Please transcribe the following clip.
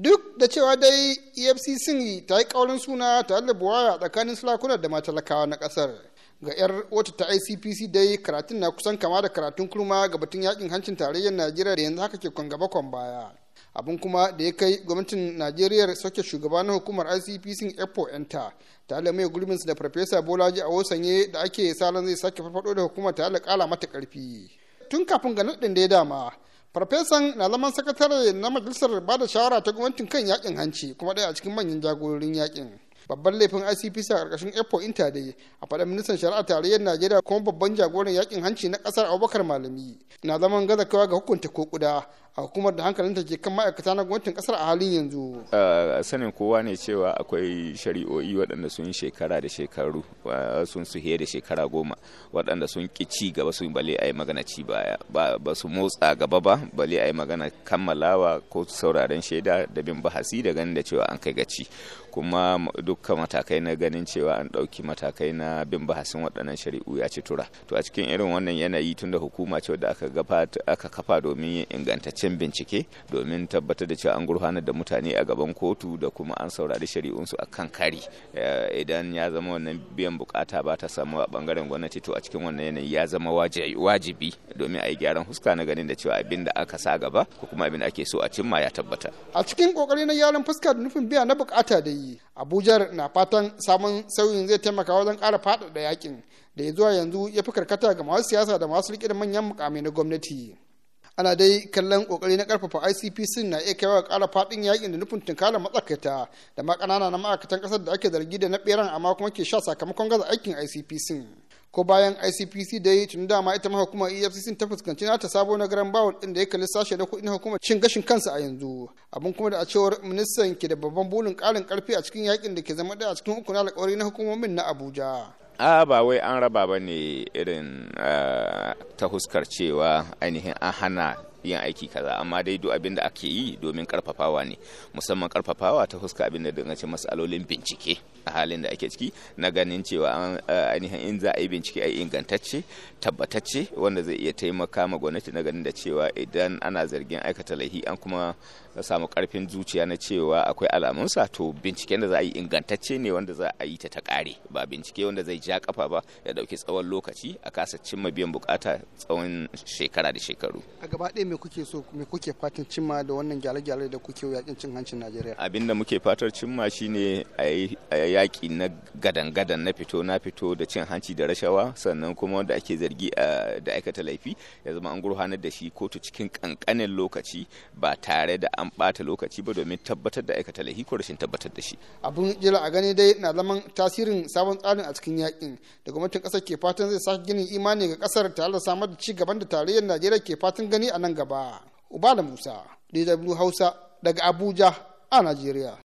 duk da cewa dai efcc ta yi kaurin suna ta da buwaya tsakanin sulakuna da matalakawa na kasar ga 'yar wata ta icpc dai karatun na kusan kama da karatun kurma ga batun yakin hancin tarayyar najeriya da yanzu haka ke kwan gaba kwan baya abin kuma da ya kai gwamnatin najeriya soke shugaba na hukumar icpc epo enta ta da mai gurbinsu da farfesa bolaji a wasanye da ake salon zai sake farfado da hukumar ta da kala mata karfi tun kafin ga naɗin da ya dama farfesan na zaman sakatare na majalisar ba da shawara ta gwamnatin kan yakin hanci kuma ɗaya a cikin manyan jagororin yakin babban laifin icpc a ƙarƙashin airport inta dai a faɗin ministan shari'a tarayyar najeriya kuma babban jagoran yakin hanci na ƙasar abubakar malami na zaman gaza kawa ga hukunta ko kuda a hukumar da hankalinta ke kan ma'aikata na gwamnatin kasar a halin yanzu. sanin kowa ne cewa akwai shari'o'i waɗanda sun shekara da shekaru sun su da shekara goma waɗanda sun ƙi ci gaba su bale a yi magana ci baya ba su motsa gaba ba bale a yi magana kammalawa ko sauraren shaida da bin bahasi da ganin da cewa an kai gaci kuma dukkan matakai na ganin cewa an ɗauki matakai na bin bahasin waɗannan shari'u ya ci tura to a cikin irin wannan yanayi tunda hukuma ce wadda aka kafa domin yin ingantaccen cikakken bincike domin tabbatar da cewa an gurhanar da mutane a gaban kotu da kuma an saurari shari'unsu a kan kari eh, idan ya zama wannan biyan bukata ba ta samu a bangaren gwamnati to a cikin wannan yanayi ya zama wajibi domin a yi gyaran huska na ganin da cewa abin da aka sa gaba ko kuma abin da ake so a cimma ya tabbata a cikin kokari na gyaran fuska da nufin biya na bukata da yi abuja na fatan samun sauyin zai taimaka wajen kara faɗaɗa yakin da ya zuwa yanzu ya fi karkata ga masu siyasa da masu riƙe da manyan mukamai na gwamnati ana dai kallon kokari na karfafa icpc na iya kaiwa kara fadin yakin da nufin tunkarar matsakaita da ma kanana na ma'aikatan kasar da ake zargi da na beran amma kuma ke sha sakamakon gaza aikin icpc ko bayan icpc da yi tun dama ita ma hukumar efcc ta fuskanci na ta sabo na garan bawon din da ya kalli sashe na kudin hukumar cin gashin kansa a yanzu abin kuma da a cewar ministan ke da babban bulin karin karfi a cikin yakin da ke zama daya a cikin uku na alkawari na hukumomin na abuja a ba wai an raba ba ne irin eh, ta huskar cewa ainihin an hana yin aiki kaza amma dai duk abin da ake yi domin karfafawa ne musamman karfafawa ta fuska abin da dangance masalolin bincike a halin da ake ciki na ganin cewa ainihin in za a yi bincike a ingantacce tabbatacce wanda zai iya taimaka ma gwamnati na ganin da cewa idan ana zargin aikata laifi an kuma samu karfin zuciya na cewa akwai alamunsa to binciken da za a yi ingantacce ne wanda za a yi ta ta kare ba bincike wanda zai ja kafa ba ya dauki tsawon lokaci a kasa cimma biyan bukata tsawon shekara da shekaru a gaba ɗaya me kuke so me kuke fatan cimma da wannan gyale-gyale da kuke yakin cin hancin Najeriya? Abin da muke fatar cimma shine a yaƙi na gadan-gadan na fito na fito da cin hanci da rashawa sannan kuma wanda ake zargi da aikata laifi ya zama an gurhanar da shi kotu cikin kankanin lokaci ba tare da an bata lokaci ba domin tabbatar da aikata laifi ko rashin tabbatar da shi. Abun kila a gani dai na zaman tasirin sabon tsarin a cikin yakin da gwamnatin kasar ke fatan zai sake ginin imani ga kasar tare da samar da ci gaban da tarayyar Najeriya ke fatan gani a nan gaba Uba da Musa, DW Hausa daga Abuja a Najeriya.